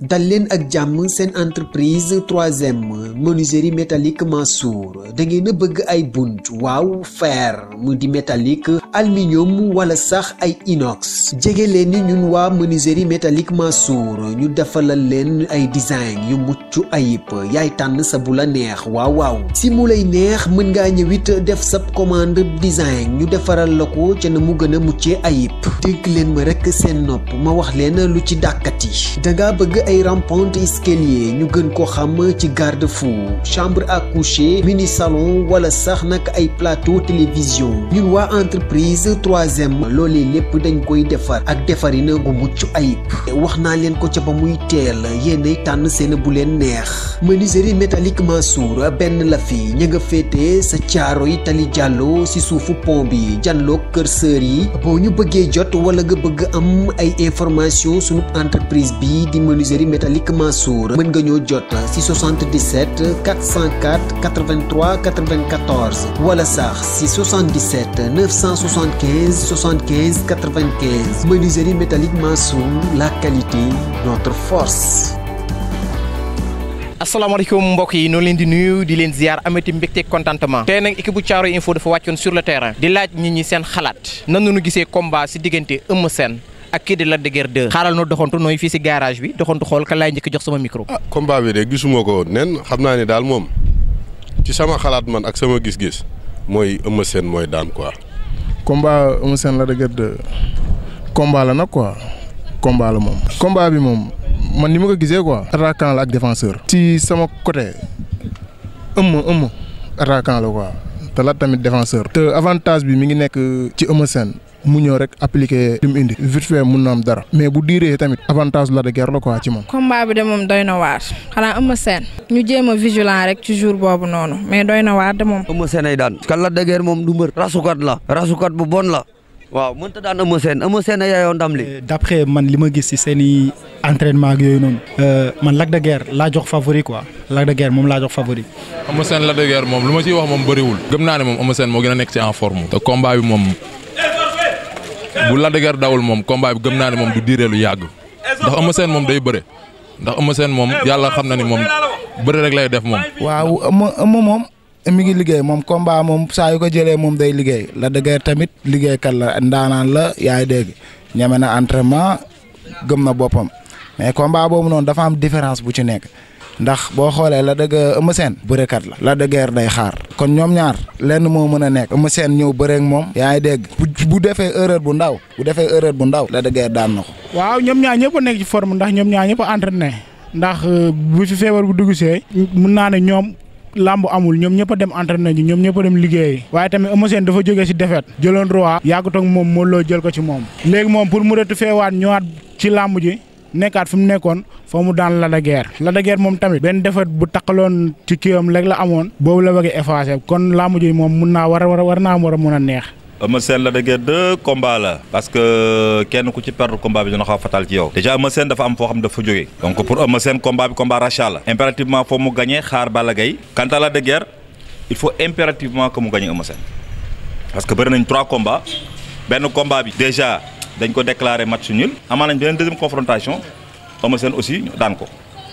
dal leen ak jàmm seen entreprise troisième menuiserie métallique Mansour da ngeen a bëgg ay bunt waaw fer mu di métallique aluminium wala sax ay inox jege leen ni ñun waa menuiserie métallique Mansour ñu defalal leen ay design yu mucc ayib yaay tànn sa bu la neex waaw waaw si mu lay neex mën ngaa ñëwit def sab commande design ñu defaral la ko ca na mu gën a muccee ayib dégg leen ma rek seen nopp ma wax leen lu ci dàkkati danga bëgg ay rampante escalier ñu gën ko xam ci garde-fou chambre à coucher mini salon wala sax nag ay plateau télévision ñun waa entreprise troisième loolee lépp dañ koy defar ak defarina gu mucc ayib wax naa leen ko ca ba muy teel yéenay tànn seen bu leen neex menuiserie métallique Mansour benn la fi ña nga féete sa caaro yi tali jàllo si suufu pont bi janloog kër sër yi boo ñu bëggee jot wala nga bëgg am ay information sunu entreprise bi di menuiserie Métallique Mansour mën nga ñoo 404 83 94 wala 677 975 75 95 menuiserie métallique Mansour la qualité notre force. assalamu mbokk yi noonu leen di nuyu di leen ziar amati mbégte contentement tey nak équipe bu info dafa waccion sur le terrain di laaj nit ñi seen xalaat nan ñu gisee combat si digënté Eumeu ak kii di Lac de Guiers 2 xaaral fii si garage bi doxantu xool kan laay njëkk jox sama micro. ah combat ko nen xam naa ne daal moom ci sama xalaat man ak sama gis-gis mooy Eumeu mooy daan quoi. combat Eumeu Sène la nag quoi combat moom. combat bi moom man ni ma ko gisee quoi. attaquant ak défenseur. ci sama côté Eumeu Eumeu attaquant te avantage bi mi ngi nekk ci Eumeu Sène mu ñëw rek appliqué li mu indi vite fait mun na am dara mais bu diiree tamit avantage la de guerre la quoi ci moom. combat bi de moom doy na waar xanaa Eumeu Sène ñu jéem a vigilant rek ci jour boobu noonu mais doy na waar de moom. Eumeu Sène ay daan kan la de moom du mbër rasukat la rasukat bu bon la. waaw mënut a daan Eumeu Sène Eumeu Sène yaayoo ndam li. Euh, d'après man li ma gis ci seen i entraînement ak yooyu noonu. Euh, man Lac de Guiers laa jox favori quoi Lac de moom laa jox favori. Eumeu Sène Lac de Guiers moom lu ma ciy wax moom bëriwul. gëm naa ne moom Eumeu Sène a nekk ci en moom bu Lac de dawul moom combat bi gëm naa ne moom du diiree lu yàgg ndax Eumeu Sène moom day bëre ndax Eumeu Sène moom yàlla xam na ni moom bëre rek lay def moom. waaw Eumeu Eumeu moom mi ngi liggéey moom combat moom saa yu ko jëlee moom day liggéey Lac de Guiers tamit liggéeykat la ndaanaan la yaay dégg ñeme na entraînement gëm na boppam mais combat boobu noonu dafa am différence bu ci nekk. ndax boo xoolee la dëgg Eumeu Sène bërekat la la dëggeer day xaar kon ñoom ñaar lenn moo mën a nekk Eumeu Sène ñëw bëreek moom yaa ngi dégg bu defee erreur bu ndaw bu defee erreur bu ndaw la dëggeer daan na ko waaw ñoom ñaar ñëpp a nekk ci forme ndax ñoom ñaar ñëpp a entraîné ndax euh, bu fi feebar bu dugg see mun naa ne ñoom làmb amul ñoom ñëpp a dem entraîné ji ñoom ñëpp a dem liggéey waaye tamit Eumeu Sène dafa jógee si défaite jëloon roi yàggatoo ak moom moo loo jël ko ci moom léegi moom pour mu retu feewaat ñëwaat ci làmb ji nekkaat fu mu nekkoon foo mu daan Lac de Guiers Lac moom tamit benn defet bu taqaloon ci kiwam rek la amoon boobu la bëgg effacé kon laa mujj moom mun naa war a war a war naa war a mun a neex. Eumeu Sène Lac de Guiers la parce que kenn ku ci perdre combat bi dina xaw a fatal ci yow déjà Eumeu Sène dafa am foo xam dafa jógee donc pour Eumeu Sène combat bi combat rachat la impérativement foo mu gagné xaar bala Gaye quant à Lac de il faut impérativement que mu gagné Eumeu que bëri nañ trois combats benn combat bi déjà. Nous ko déclaré match nul amaa nañ deuxième confrontation Nous aussi ko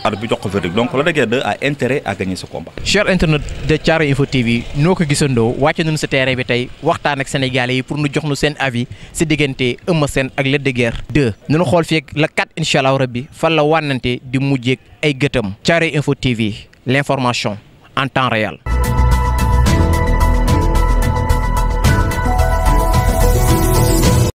arbitre donc de a intérêt à gagner ce combat. cher internet de Tchari Info TV nous nous terrain bi tay ak sénégalais pour nous donner avis ak de 2 ñu xol fi ak 4 inchallah rabbi la di ay Info TV l'information en temps réel.